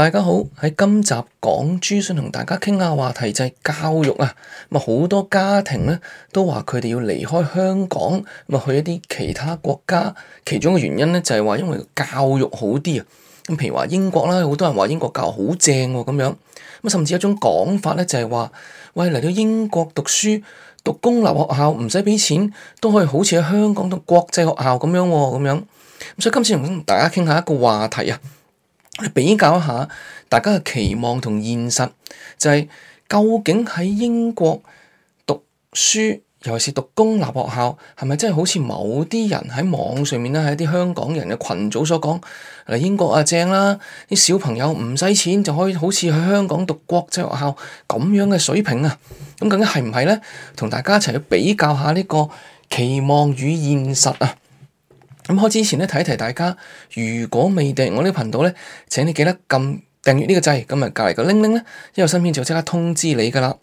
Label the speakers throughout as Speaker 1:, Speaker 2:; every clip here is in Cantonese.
Speaker 1: 大家好，喺今集講珠，想同大家傾下話題就係教育啊，咁啊好多家庭咧都話佢哋要離開香港，咁啊去一啲其他國家，其中嘅原因咧就係、是、話因為教育好啲啊，咁譬如話英國啦，好多人話英國教育好正喎咁樣，咁甚至有種講法咧就係、是、話，喂嚟到英國讀書，讀公立學校唔使畀錢，都可以好似喺香港讀國際學校咁樣咁、啊、樣，咁所以今次同大家傾下一個話題啊。我哋比較一下大家嘅期望同現實，就係究竟喺英國讀書，尤其是讀公立學校，係咪真係好似某啲人喺網上面咧，喺啲香港人嘅群組所講，英國啊正啦，啲小朋友唔使錢就可以好似去香港讀國際學校咁樣嘅水平啊？咁究竟係唔係咧？同大家一齊去比較下呢個期望與現實啊！咁開之前咧，提一提大家，如果未訂我呢個頻道咧，請你記得撳訂閱呢個掣，咁啊隔籬個鈴鈴咧，一有新片就即刻通知你噶啦。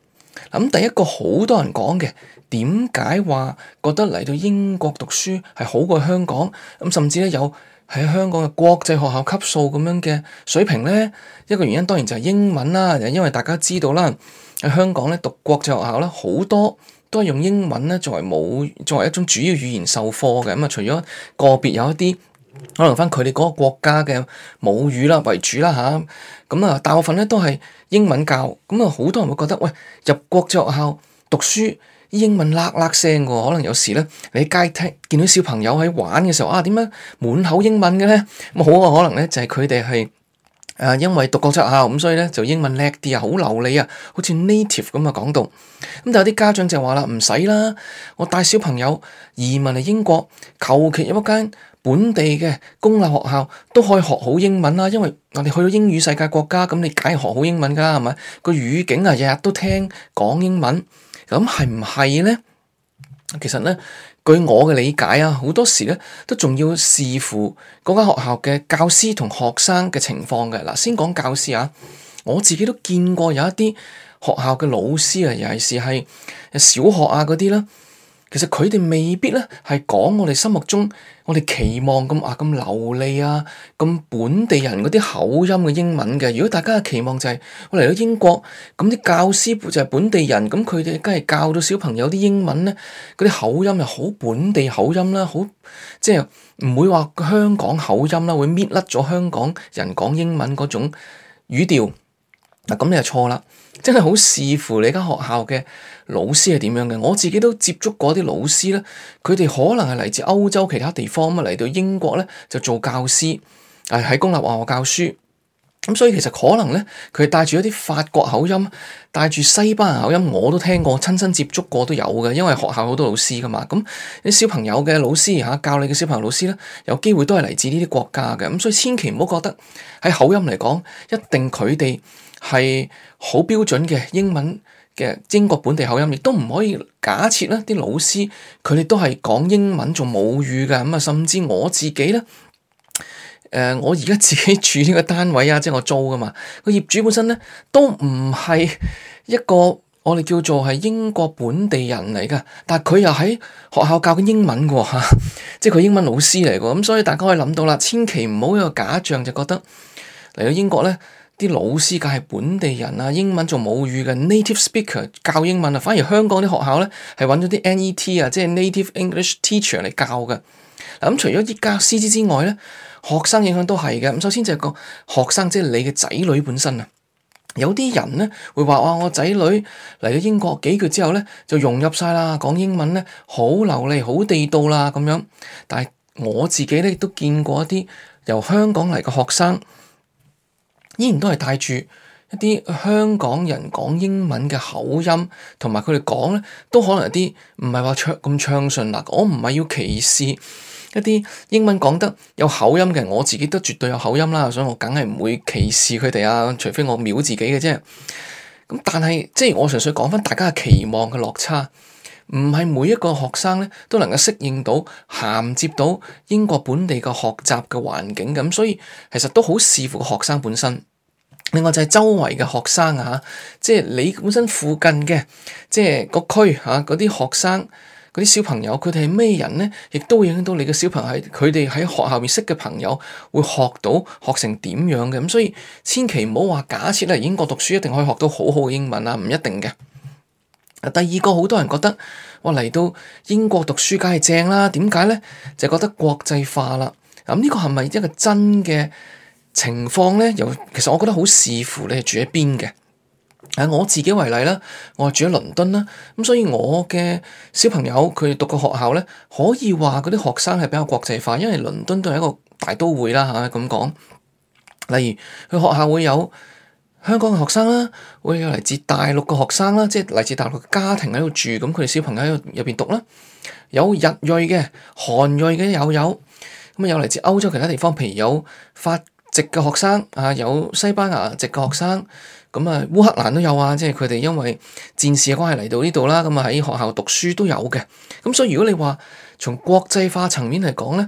Speaker 1: 咁第一個好多人講嘅，點解話覺得嚟到英國讀書係好過香港？咁甚至咧有喺香港嘅國際學校級數咁樣嘅水平咧，一個原因當然就係英文啦，就係因為大家知道啦，喺香港咧讀國際學校咧好多。都係用英文咧，作為母作為一種主要語言授課嘅咁啊。除咗個別有一啲可能，翻佢哋嗰個國家嘅母語啦為主啦吓咁啊，大部分咧都係英文教咁啊。好多人會覺得喂，入國際學校讀書英文喇喇聲噶喎，可能有時咧你喺街聽見到小朋友喺玩嘅時候啊，點解滿口英文嘅咧咁好啊？可能咧就係佢哋係。因為讀國際學校，咁所以咧就英文叻啲啊，好流利啊，好似 native 咁啊講到。咁就有啲家長就話啦，唔使啦，我帶小朋友移民嚟英國，求其有一間本地嘅公立學校都可以學好英文啦，因為我哋去咗英語世界國家，咁你梗係學好英文噶啦，係咪？個語境啊，日日都聽講英文，咁係唔係咧？其實咧。據我嘅理解啊，好多時咧都仲要視乎嗰間學校嘅教師同學生嘅情況嘅。嗱，先講教師啊，我自己都見過有一啲學校嘅老師啊，尤其是係小學啊嗰啲啦。其實佢哋未必咧係講我哋心目中、我哋期望咁啊咁流利啊、咁本地人嗰啲口音嘅英文嘅。如果大家嘅期望就係、是、我嚟到英國，咁啲教師就係本地人，咁佢哋梗係教到小朋友啲英文咧，嗰啲口音又好本地口音啦，好即係唔會話香港口音啦，會搣甩咗香港人講英文嗰種語調嗱，咁、啊、你就錯啦，真係好視乎你間學校嘅。老師係點樣嘅？我自己都接觸過啲老師咧，佢哋可能係嚟自歐洲其他地方嚟到英國咧就做教師，係喺公立學校教書。咁所以其實可能咧，佢帶住一啲法國口音，帶住西班牙口音，我都聽過，親身接觸過都有嘅。因為學校好多老師噶嘛，咁啲小朋友嘅老師嚇，教你嘅小朋友老師咧，有機會都係嚟自呢啲國家嘅。咁所以千祈唔好覺得喺口音嚟講，一定佢哋係好標準嘅英文。英國本地口音，亦都唔可以假設啦。啲老師佢哋都係講英文做母語嘅，咁啊，甚至我自己呢，誒、呃，我而家自己住呢個單位啊，即係我租噶嘛。個業主本身呢，都唔係一個我哋叫做係英國本地人嚟噶，但係佢又喺學校教緊英文嘅喎，即係佢英文老師嚟嘅喎。咁所以大家可以諗到啦，千祈唔好有個假象，就覺得嚟到英國呢。啲老師梗係本地人啊，英文做母語嘅 native speaker 教英文啊，反而香港啲學校咧係揾咗啲 NET 啊，即係 native English teacher 嚟教嘅。咁、嗯、除咗啲教師資之外咧，學生影響都係嘅。咁首先就係個學生，即係你嘅仔女本身啊。有啲人咧會話哇我仔女嚟咗英國幾個月之後咧就融入晒啦，講英文咧好流利、好地道啦咁樣。但係我自己咧都見過一啲由香港嚟嘅學生。依然都係帶住一啲香港人講英文嘅口音，同埋佢哋講咧都可能有啲唔係話暢咁暢順啦。我唔係要歧視一啲英文講得有口音嘅，我自己都絕對有口音啦，所以我梗係唔會歧視佢哋啊。除非我藐自己嘅啫。咁但係即係我純粹講翻大家嘅期望嘅落差。唔係每一個學生咧都能夠適應到銜接到英國本地嘅學習嘅環境咁，所以其實都好視乎學生本身。另外就係周圍嘅學生啊，即係你本身附近嘅，即係個區吓嗰啲學生，嗰啲小朋友，佢哋係咩人咧，亦都會影響到你嘅小朋友。佢哋喺學校面識嘅朋友會學到學成點樣嘅咁，所以千祈唔好話假設啊，英國讀書一定可以學到好好嘅英文啊，唔一定嘅。第二個好多人覺得我嚟到英國讀書梗係正啦，點解咧？就覺得國際化啦。咁、這、呢個係咪一個真嘅情況咧？由其實我覺得好視乎你住喺邊嘅。啊，我自己為例啦，我住喺倫敦啦，咁所以我嘅小朋友佢讀嘅學校咧，可以話嗰啲學生係比較國際化，因為倫敦都係一個大都會啦。嚇咁講，例如佢學校會有，香港嘅學生啦，會有嚟自大陸嘅學生啦，即係嚟自大陸嘅家庭喺度住，咁佢哋小朋友喺度入邊讀啦。有日裔嘅、韓裔嘅又有，咁啊有嚟自歐洲其他地方，譬如有法籍嘅學生啊，有西班牙籍嘅學生，咁啊烏克蘭都有啊，即係佢哋因為戰事嘅關係嚟到呢度啦，咁啊喺學校讀書都有嘅。咁所以如果你話從國際化層面嚟講咧，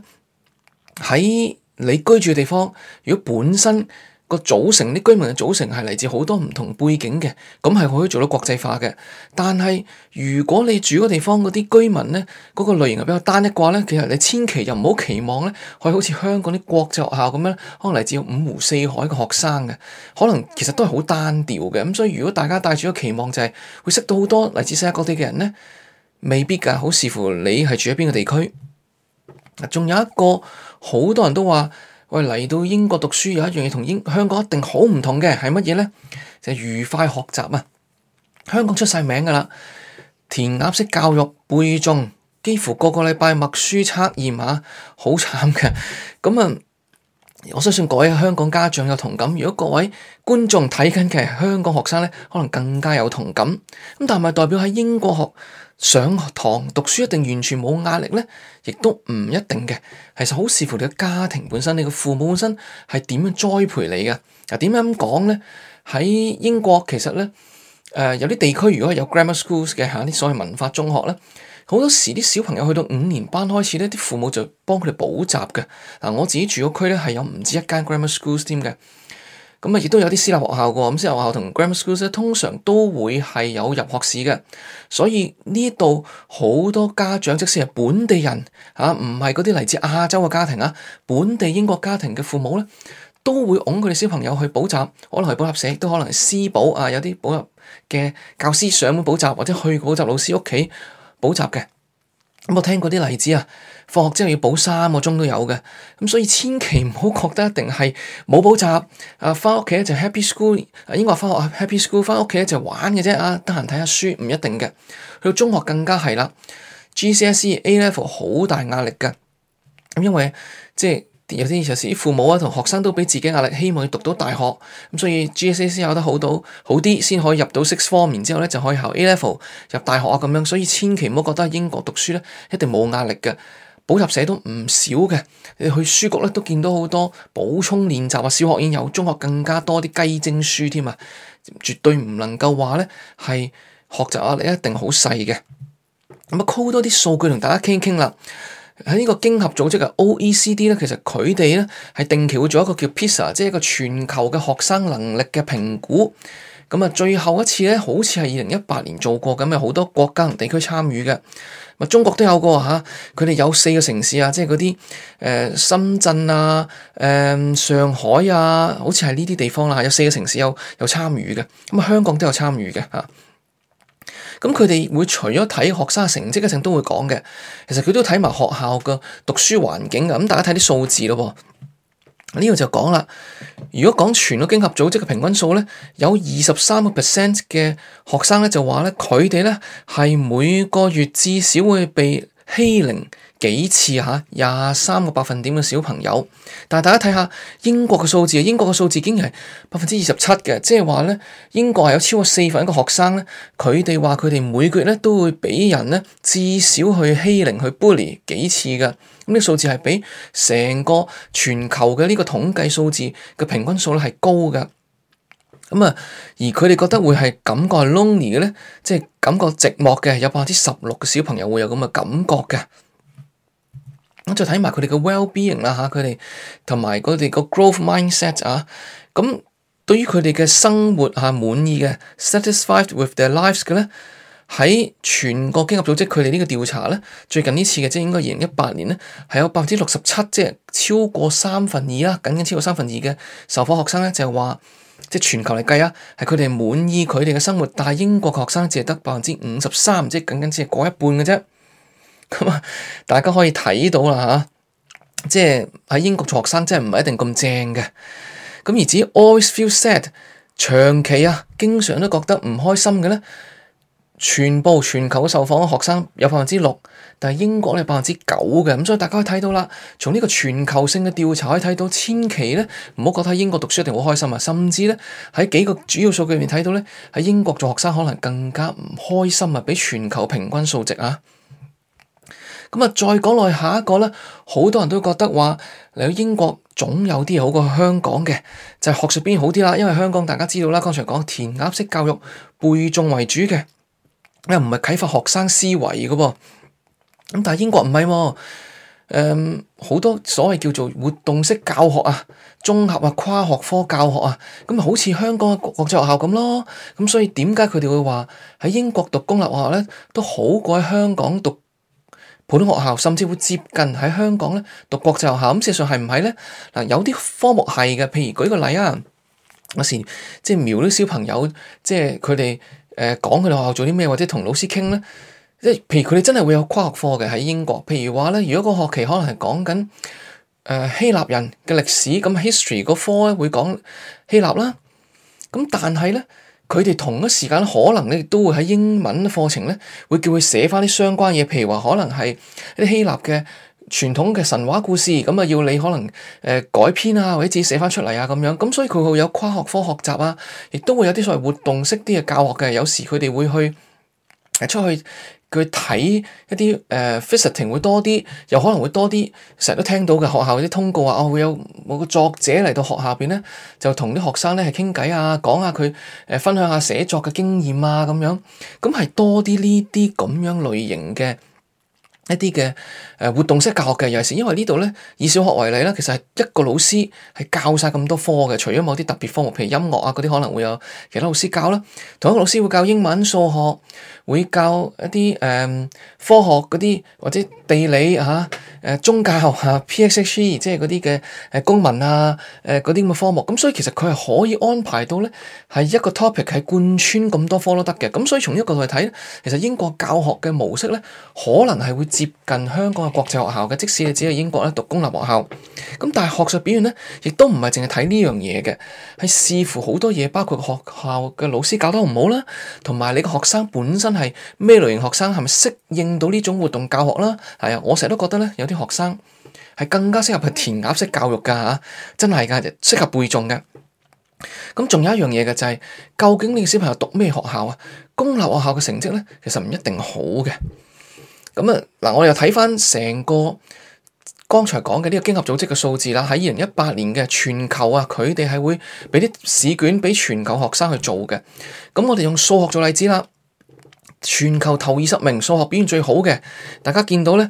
Speaker 1: 喺你居住嘅地方，如果本身，個組成啲居民嘅組成係嚟自好多唔同背景嘅，咁係可以做到國際化嘅。但係如果你住個地方嗰啲居民咧，嗰個類型係比較單一啩咧，其實你千祈又唔好期望咧，可以好似香港啲國際學校咁樣，可能嚟自五湖四海嘅學生嘅，可能其實都係好單調嘅。咁所以如果大家帶住個期望就係會識到好多嚟自世界各地嘅人咧，未必噶，好視乎你係住喺邊個地區。仲有一個好多人都話。我嚟到英國讀書，有一樣嘢同英香港一定好唔同嘅係乜嘢咧？就係愉快學習啊！香港出晒名㗎啦，填鴨式教育背誦，幾乎個個禮拜默書測驗碼，好慘㗎。咁啊，我相信各位香港家長有同感。如果各位觀眾睇緊嘅係香港學生咧，可能更加有同感。咁但係咪代表喺英國學，上堂讀書一定完全冇壓力呢，亦都唔一定嘅。其實好視乎你個家庭本身，你個父母本身係點樣栽培你㗎？嗱，點樣講呢？喺英國其實呢，有啲地區如果有 grammar schools 嘅吓啲所謂文化中學呢，好多時啲小朋友去到五年班開始呢，啲父母就幫佢哋補習嘅。嗱，我自己住個區呢，係有唔止一間 grammar schools 添嘅。咁亦都有啲私立學校嘅喎，咁私立學校同 grammar schools 通常都會係有入學試嘅，所以呢度好多家長，即使係本地人啊，唔係嗰啲嚟自亞洲嘅家庭啊，本地英國家庭嘅父母咧，都會㧬佢哋小朋友去補習，可能係補習社，都可能係私補啊，有啲補習嘅教師上門補習，或者去補習老師屋企補習嘅。咁我聽過啲例子啊，放學之後要補三個鐘都有嘅，咁所以千祈唔好覺得一定係冇補習啊，翻屋企咧就 Happy School，應該話翻學 Happy School，翻屋企咧就玩嘅啫啊，得閒睇下書唔一定嘅，去到中學更加係啦，GCSE、A Level 好大壓力嘅，咁因為即係。有啲就係父母啊同學生都俾自己壓力，希望你讀到大學咁，所以 GSA 考得好到好啲，先可以入到 six form，然之後呢就可以考 A level 入大學啊咁樣。所以千祈唔好覺得英國讀書呢一定冇壓力嘅，補習社都唔少嘅，你去書局呢都見到好多補充練習啊，小學已經有，中學更加多啲雞精書添啊，絕對唔能夠話呢係學習壓力一定好細嘅。咁啊，攏多啲數據同大家傾傾啦。喺呢個經合組織嘅 OECD 咧，其實佢哋咧係定期會做一個叫 PISA，即係一個全球嘅學生能力嘅評估。咁啊，最後一次咧，好似係二零一八年做過咁，有好多國家同地區參與嘅。咁啊，中國都有個嚇，佢哋有四個城市啊，即係嗰啲誒深圳啊、誒上海啊，好似係呢啲地方啦，有四個城市有有參與嘅。咁啊，香港都有參與嘅。咁佢哋會除咗睇學生成績嘅時候都會講嘅，其實佢都睇埋學校嘅讀書環境啊。咁大家睇啲數字咯，呢個就講啦。如果講全個經合組織嘅平均數咧，有二十三個 percent 嘅學生咧就話咧，佢哋咧係每個月至少會被欺凌幾次吓？廿三個百分點嘅小朋友，但係大家睇下英國嘅數字，英國嘅數字竟然係百分之二十七嘅，即係話咧英國係有超過四分一嘅學生咧，佢哋話佢哋每個月咧都會俾人咧至少去欺凌去 bully 幾次嘅，咁呢個數字係比成個全球嘅呢個統計數字嘅平均數咧係高嘅。咁啊，而佢哋覺得會係感覺係 lonely 嘅咧，即係感覺寂寞嘅，有百分之十六嘅小朋友會有咁嘅感覺嘅。我再睇埋佢哋嘅 well-being 啦，嚇佢哋同埋佢哋個 growth mindset 啊。咁對於佢哋嘅生活嚇、啊、滿意嘅，satisfied with their lives 嘅咧，喺全國經合組織佢哋呢個調查呢，最近呢次嘅即係應該二零一八年咧，係有百分之六十七，即係超過三分二啦，僅僅超過三分二嘅受訪學生呢，就係話。即係全球嚟計啊，係佢哋滿意佢哋嘅生活，但係英國學生只係得百分之五十三，即係僅僅只係過一半嘅啫。咁啊，大家可以睇到啦嚇，即係喺英國做學生真係唔係一定咁正嘅。咁而至於 always feel sad，長期啊，經常都覺得唔開心嘅咧。全部全球受訪嘅學生有百分之六，但係英國咧係百分之九嘅，咁所以大家可以睇到啦，從呢個全球性嘅調查可以睇到，千祈咧唔好覺得喺英國讀書一定好開心啊，甚至咧喺幾個主要數據入面睇到咧，喺英國做學生可能更加唔開心啊，比全球平均數值啊，咁啊再講落去下一個咧，好多人都覺得話嚟到英國總有啲嘢好過香港嘅，就係學術邊好啲啦，因為香港大家知道啦，剛才講填鴨式教育背誦為主嘅。又唔係啟發學生思維嘅噃，咁但係英國唔係喎，誒、嗯、好多所謂叫做活動式教學啊，綜合啊、跨學科教學啊，咁咪好似香港嘅國際學校咁咯，咁所以點解佢哋會話喺英國讀公立學校咧，都好過喺香港讀普通學校，甚至會接近喺香港咧讀國際學校，咁事實上係唔係咧？嗱，有啲科目係嘅，譬如舉個例啊，嗰時即係苗啲小朋友，即係佢哋。誒講佢哋學校做啲咩，或者同老師傾咧，即係譬如佢哋真係會有跨學科嘅喺英國。譬如話咧，如果個學期可能係講緊誒、呃、希臘人嘅歷史，咁 history 個科咧會講希臘啦。咁但係咧，佢哋同一時間可能咧都會喺英文課程咧，會叫佢寫翻啲相關嘢。譬如話，可能係一啲希臘嘅。傳統嘅神話故事咁啊，要你可能誒、呃、改編啊，或者自己寫翻出嚟啊咁樣，咁所以佢會有跨學科學習啊，亦都會有啲所謂活動式啲嘅教學嘅。有時佢哋會去出去，佢睇一啲誒 visiting 會多啲，又可能會多啲成日都聽到嘅學校啲通告話，我、哦、會有我個作者嚟到學校入邊咧，就同啲學生咧係傾偈啊，講下佢誒、呃、分享下寫作嘅經驗啊咁樣，咁係多啲呢啲咁樣類型嘅。一啲嘅誒活動式教學嘅，尤其是因為呢度咧以小學為例啦，其實係一個老師係教晒咁多科嘅，除咗某啲特別科目，譬如音樂啊嗰啲可能會有其他老師教啦，同一個老師會教英文、數學。會教一啲誒、呃、科學嗰啲或者地理嚇誒、啊呃、宗教嚇、啊、PSHE，即係嗰啲嘅誒公民啊誒嗰啲咁嘅科目，咁所以其實佢係可以安排到咧係一個 topic 係貫穿咁多科都得嘅，咁所以從呢一個角度嚟睇，其實英國教學嘅模式咧可能係會接近香港嘅國際學校嘅，即使你只係英國咧讀公立學校，咁但係學術表現咧亦都唔係淨係睇呢樣嘢嘅，係視乎好多嘢，包括學校嘅老師教得唔好啦，同埋你嘅學生本身。係咩類型學生，係咪適應到呢種活動教學啦？係啊，我成日都覺得呢，有啲學生係更加適合去填鴨式教育噶吓，啊，真係噶就適合背誦嘅。咁仲有一樣嘢嘅就係，究竟呢個小朋友讀咩學校啊？公立學校嘅成績呢，其實唔一定好嘅。咁啊，嗱，我哋又睇翻成個剛才講嘅呢個經合組織嘅數字啦。喺二零一八年嘅全球啊，佢哋係會畀啲試卷畀全球學生去做嘅。咁我哋用數學做例子啦。全球頭二十名數學表現最好嘅，大家見到咧，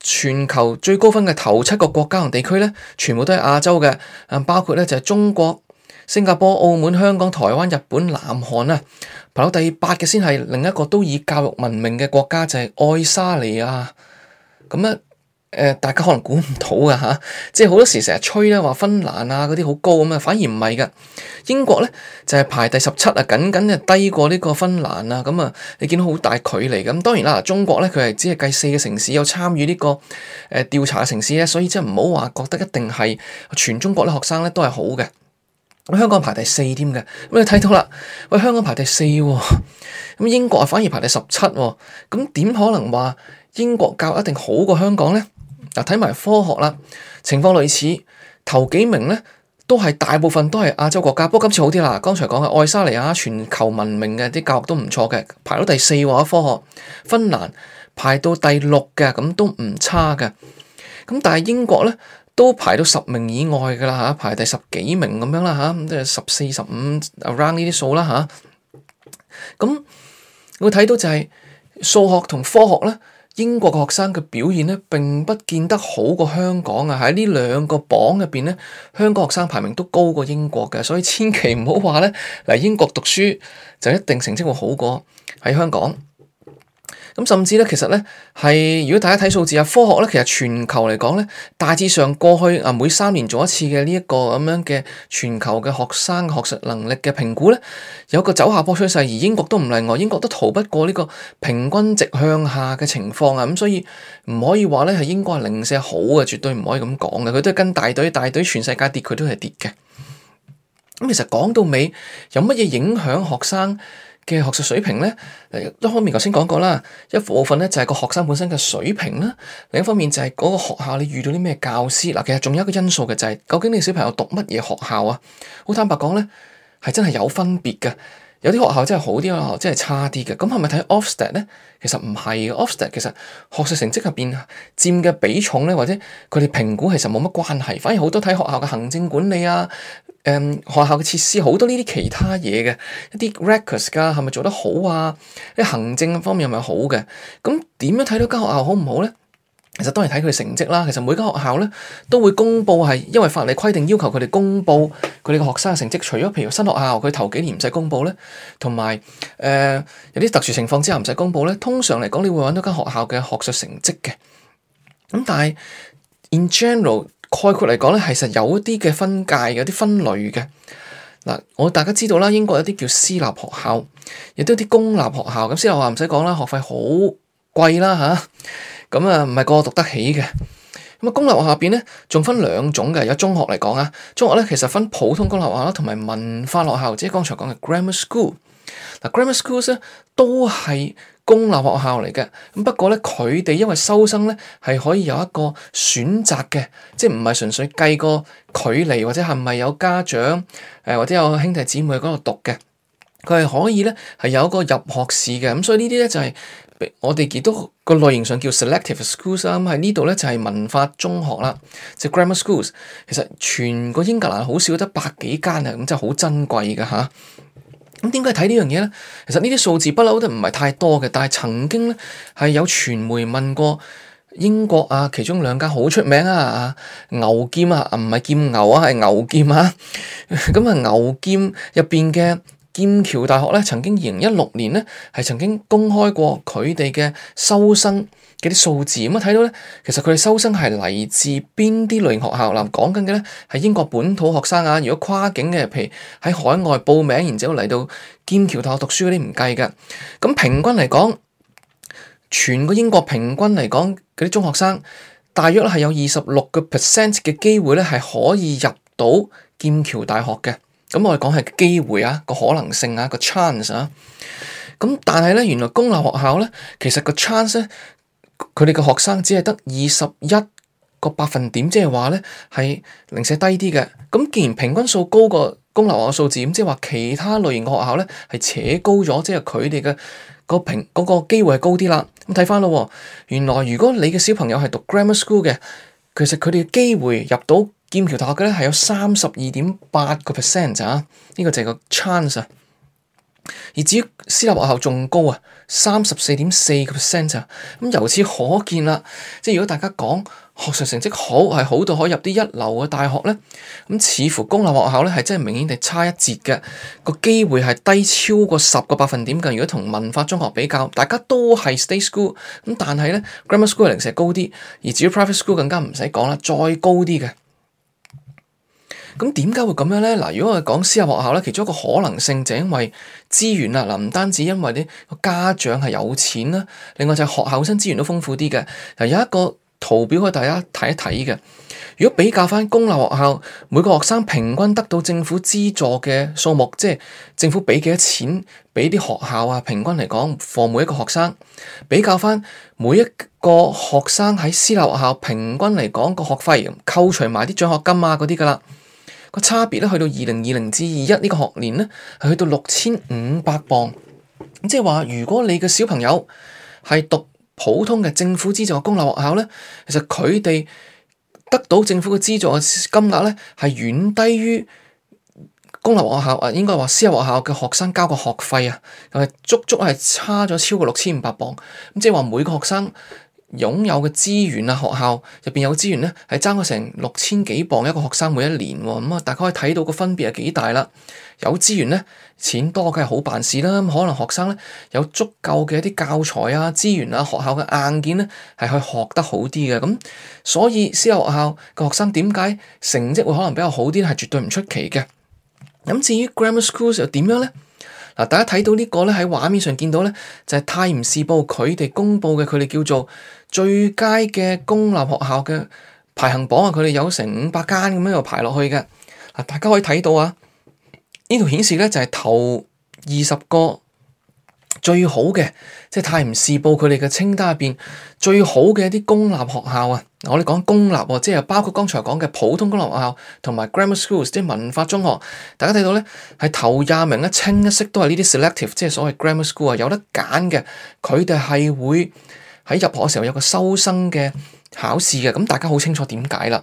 Speaker 1: 全球最高分嘅頭七個國家同地區咧，全部都係亞洲嘅，包括咧就係中國、新加坡、澳門、香港、台灣、日本、南韓啊。排到第八嘅先係另一個都以教育聞名嘅國家，就係愛沙尼亞。咁啊。呃、大家可能估唔到噶吓、啊，即係好多時成日吹咧話芬蘭啊嗰啲好高咁啊，反而唔係噶。英國咧就係、是、排第十七僅僅，啊，緊緊啊低過呢個芬蘭啊，咁啊你見到好大距離噶。咁、嗯、當然啦，中國咧佢係只係計四個城市有參與呢個誒調、呃、查嘅城市咧，所以即係唔好話覺得一定係全中國啲學生咧都係好嘅。咁香港排第四添嘅，咁你睇到啦，喂香港排第四喎，咁、嗯、英國啊反而排第十七喎，咁、嗯、點可能話英國教育一定好過香港咧？嗱，睇埋科學啦，情況類似，頭幾名咧都係大部分都係亞洲國家，不過今次好啲啦。剛才講嘅愛沙尼亞全球聞名嘅啲教育都唔錯嘅，排到第四話科學，芬蘭排到第六嘅，咁都唔差嘅。咁但係英國咧都排到十名以外嘅啦，嚇排第十幾名咁樣啦，嚇、啊、即係十四、十五 around 呢啲數啦，吓、啊，咁會睇到就係數學同科學咧。英國嘅學生嘅表現咧，並不見得好過香港啊！喺呢兩個榜入面咧，香港學生排名都高過英國嘅，所以千祈唔好話咧，嚟英國讀書就一定成績會好過喺香港。咁甚至咧，其實咧係如果大家睇數字啊，科學咧其實全球嚟講咧，大致上過去啊每三年做一次嘅呢一個咁樣嘅全球嘅學生學術能力嘅評估咧，有個走下坡趨勢，而英國都唔例外，英國都逃不過呢個平均值向下嘅情況啊！咁所以唔可以話咧係英國零舍好啊，絕對唔可以咁講嘅，佢都係跟大隊大隊全世界跌，佢都係跌嘅。咁其實講到尾，有乜嘢影響學生？嘅學術水平咧，一方面頭先講過啦，一部分咧就係個學生本身嘅水平啦，另一方面就係嗰個學校你遇到啲咩教師，嗱，其實仲有一個因素嘅就係、是，究竟你小朋友讀乜嘢學校啊？好坦白講咧，係真係有分別㗎。有啲學校真係好啲，有啲學校真係差啲嘅。咁係咪睇 Ofsted 呢？其實唔係 Ofsted，其實學術成績入邊佔嘅比重呢，或者佢哋評估其實冇乜關係。反而好多睇學校嘅行政管理啊，誒、嗯、學校嘅設施好多呢啲其他嘢嘅一啲 records，噶係咪做得好啊？啲行政方面係咪好嘅？咁點樣睇到間學校好唔好咧？其實當然睇佢成績啦。其實每間學校咧都會公佈，係因為法例規定要求佢哋公佈佢哋嘅學生嘅成績。除咗譬如新學校佢頭幾年唔使公佈咧，同埋誒有啲、呃、特殊情況之下唔使公佈咧。通常嚟講，你會揾到間學校嘅學術成績嘅。咁但係 in general，概括嚟講咧，其實有一啲嘅分界嘅、有啲分類嘅。嗱，我大家知道啦，英國有啲叫私立學校，亦都有啲公立學校。咁私立學校唔使講啦，學費好貴啦吓。咁啊，唔係、嗯、個個讀得起嘅。咁啊，公立學校入邊咧，仲分兩種嘅。有中學嚟講啊，中學咧其實分普通公立學校啦，同埋文化學校，即係剛才講嘅 grammar school。嗱、啊、grammar schools 咧都係公立學校嚟嘅。咁不過咧，佢哋因為收生咧係可以有一個選擇嘅，即係唔係純粹計個距離或者係咪有家長誒、呃、或者有兄弟姊妹喺嗰度讀嘅，佢係可以咧係有一個入學試嘅。咁、嗯、所以呢啲咧就係、是。我哋見到個類型上叫 selective schools，咁喺呢度咧就係文化中學啦，即係、grammar schools 其，其實全個英格蘭好少得百幾間啊，咁真係好珍貴嘅吓，咁點解睇呢樣嘢咧？其實呢啲數字不嬲都唔係太多嘅，但係曾經咧係有傳媒問過英國啊，其中兩間好出名啊，牛劍啊，唔係劍牛啊，係牛劍啊。咁啊，牛劍入邊嘅。劍橋大學咧，曾經二零一六年咧，係曾經公開過佢哋嘅收生嘅啲數字。咁啊，睇到咧，其實佢哋收生係嚟自邊啲類型學校？嗱，講緊嘅咧係英國本土學生啊。如果跨境嘅，譬如喺海外報名，然之後嚟到劍橋大學讀書嗰啲唔計㗎。咁平均嚟講，全個英國平均嚟講，嗰啲中學生大約咧係有二十六個 percent 嘅機會咧係可以入到劍橋大學嘅。咁我哋講係機會啊，個可能性啊，個 chance 啊。咁但係咧，原來公立學校咧，其實個 chance 咧，佢哋嘅學生只係得二十一個百分點，即係話咧係零舍低啲嘅。咁既然平均數高過公立學校數字，咁即係話其他類型嘅學校咧係扯高咗，即係佢哋嘅個平嗰、嗰個機會係高啲啦。咁睇翻咯喎，原來如果你嘅小朋友係讀 grammar school 嘅，其實佢哋嘅機會入到。劍橋大學嘅咧係有三十二點八個 percent 啊，呢、這個就係個 chance 啊。而至於私立學校仲高啊，三十四點四個 percent 啊。咁由此可見啦，即係如果大家講學術成績好係好到可以入啲一,一流嘅大學咧，咁似乎公立學校咧係真係明顯地差一截嘅。個機會係低超過十個百分點嘅。如果同文化中學比較，大家都係 state school 咁，但係咧 grammar school 零舍高啲，而至於 private school 更加唔使講啦，再高啲嘅。咁點解會咁樣呢？嗱，如果我哋講私立學校咧，其中一個可能性就係因為資源啦。嗱，唔單止因為呢個家長係有錢啦，另外就係學校本身資源都豐富啲嘅。嗱，有一個圖表可以大家睇一睇嘅。如果比較翻公立學校每個學生平均得到政府資助嘅數目，即係政府俾幾多錢俾啲學校啊，平均嚟講，放每一個學生。比較翻每一個學生喺私立學校平均嚟講個學費，扣除埋啲獎學金啊嗰啲㗎啦。個差別咧，去到二零二零至二一呢個學年咧，係去到六千五百鎊。咁即係話，如果你嘅小朋友係讀普通嘅政府資助嘅公立學校咧，其實佢哋得到政府嘅資助嘅金額咧，係遠低於公立學校啊，應該話私立學校嘅學生交嘅學費啊，係足足係差咗超過六千五百鎊。咁即係話每個學生。擁有嘅資源啊，學校入邊有資源呢，係爭咗成六千幾磅一個學生每一年喎，咁、嗯、啊，大家可以睇到個分別係幾大啦。有資源呢，錢多梗係好辦事啦、嗯。可能學生呢，有足夠嘅一啲教材啊、資源啊、學校嘅硬件呢，係去學得好啲嘅。咁、嗯、所以私立學校嘅學生點解成績會可能比較好啲咧？係絕對唔出奇嘅。咁、嗯、至於 grammar schools 又點樣呢？大家睇到呢個咧，喺畫面上見到咧，就係泰晤士報佢哋公布嘅，佢哋叫做最佳嘅公立學校嘅排行榜啊，佢哋有成五百間咁樣又排落去嘅。嗱，大家可以睇到啊，呢度顯示咧，就係頭二十個。最好嘅，即係《泰晤士報》佢哋嘅清單入邊最好嘅一啲公立學校啊！我哋講公立，即係包括剛才講嘅普通公立學校同埋 grammar schools，即係文化中學。大家睇到咧，係頭廿名一清一色都係呢啲 selective，即係所謂 grammar school 啊，有得揀嘅。佢哋係會喺入學嘅時候有個收生嘅考試嘅，咁大家好清楚點解啦。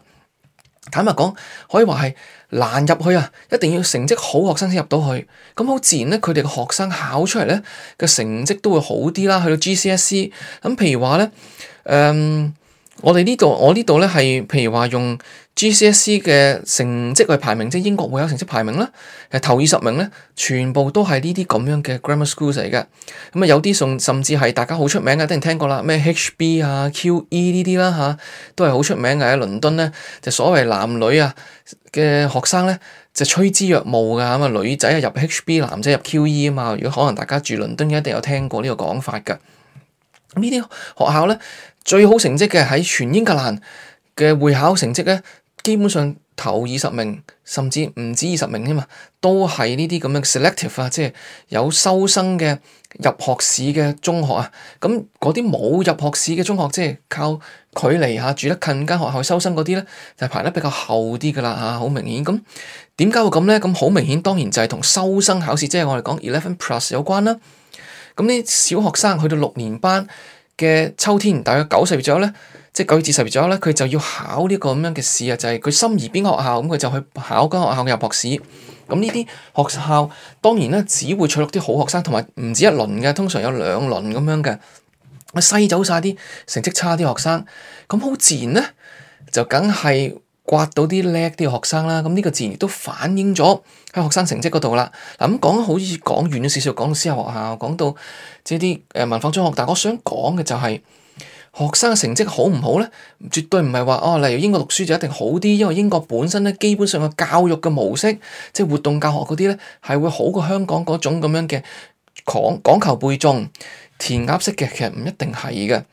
Speaker 1: 坦白講，可以話係。難入去啊！一定要成績好學生先入到去，咁好自然咧。佢哋個學生考出嚟咧嘅成績都會好啲啦。去到 GCSE，咁譬如話咧，誒、嗯，我哋呢度我呢度咧係譬如話用。GCSC 嘅成績去排名，即係英國會考成績排名啦。係頭二十名咧，全部都係呢啲咁樣嘅 grammar s c、嗯、h o o l 嚟嘅。咁啊，有啲甚至係大家好出名嘅，一定聽過啦，咩 HB 啊、QE 呢啲啦吓，都係好出名嘅喺倫敦咧。就所謂男女啊嘅學生咧，就趨之若慕㗎。咁、嗯、啊，女仔啊入 HB，男仔入 QE 啊嘛。如果可能，大家住倫敦嘅一定有聽過呢個講法㗎。呢、嗯、啲學校咧，最好成績嘅喺全英格蘭嘅會考成績咧。基本上頭二十名甚至唔止二十名啫嘛，都係呢啲咁樣 selective 啊，即係有收生嘅入學試嘅中學啊。咁嗰啲冇入學試嘅中學，即係靠距離吓住得近間學校收生嗰啲咧，就是、排得比較後啲噶啦吓，好明顯。咁點解會咁咧？咁好明顯，當然就係同收生考試，即、就、係、是、我哋講 eleven plus 有關啦。咁啲小學生去到六年班嘅秋天，大約九十月左右咧。即係九月至十月左右咧，佢就要考呢個咁樣嘅試啊！就係、是、佢心儀邊學校，咁佢就去考嗰個學校入學試。咁呢啲學校當然咧，只會取錄啲好學生，同埋唔止一輪嘅，通常有兩輪咁樣嘅，我篩走晒啲成績差啲學生。咁好自然咧，就梗係刮到啲叻啲學生啦。咁呢個自然都反映咗喺學生成績嗰度啦。嗱，咁講好似講遠咗少少，講到私校學校，講到即係啲誒文化中學，但係我想講嘅就係、是。學生嘅成績好唔好呢？絕對唔係話哦，例如英國讀書就一定好啲，因為英國本身呢，基本上嘅教育嘅模式，即係活動教學嗰啲呢，係會好過香港嗰種咁樣嘅講講求背誦填鴨式嘅，其實唔一定係嘅。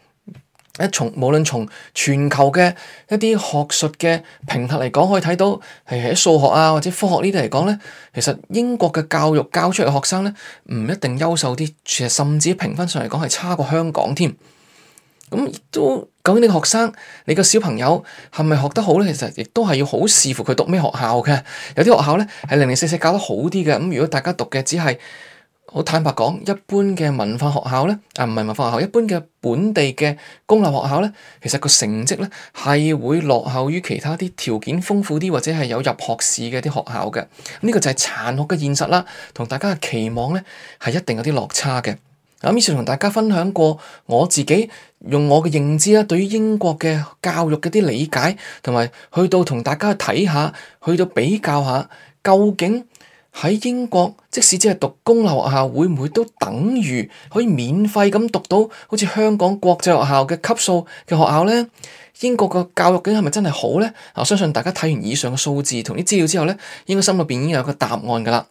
Speaker 1: 一從無論從全球嘅一啲學術嘅評核嚟講，可以睇到係喺數學啊或者科學呢啲嚟講呢，其實英國嘅教育教出嚟學生呢，唔一定優秀啲，其實甚至評分上嚟講係差過香港添。咁都究竟你個學生，你個小朋友係咪學得好呢？其實亦都係要好視乎佢讀咩學校嘅。有啲學校呢係零零四四教得好啲嘅。咁如果大家讀嘅只係，好坦白講，一般嘅文化學校呢，啊唔係文化學校，一般嘅本地嘅公立學校呢，其實個成績呢係會落後於其他啲條件豐富啲或者係有入學試嘅啲學校嘅。呢個就係殘酷嘅現實啦，同大家嘅期望呢係一定有啲落差嘅。阿 m i c h 同大家分享過我自己用我嘅認知啦，對於英國嘅教育嘅啲理解，同埋去到同大家去睇下，去到比較下，究竟喺英國即使只係讀公立學校，會唔會都等於可以免費咁讀到好似香港國際學校嘅級數嘅學校咧？英國嘅教育究竟係咪真係好咧？我相信大家睇完以上嘅數字同啲資料之後咧，應該心裏邊已經有個答案噶啦。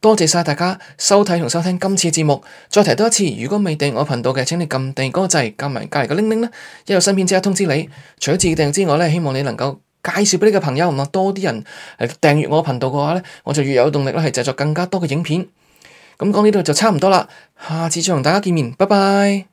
Speaker 1: 多謝晒大家收睇同收聽今次嘅節目。再提多一次，如果未訂我頻道嘅，請你撳訂嗰個掣，撳埋隔籬嘅鈴鈴啦。一有新片即刻通知你。除咗自訂之外咧，希望你能夠介紹畀你嘅朋友，同埋多啲人係訂閱我頻道嘅話咧，我就越有動力咧係製作更加多嘅影片。咁講呢度就差唔多啦，下次再同大家見面，拜拜。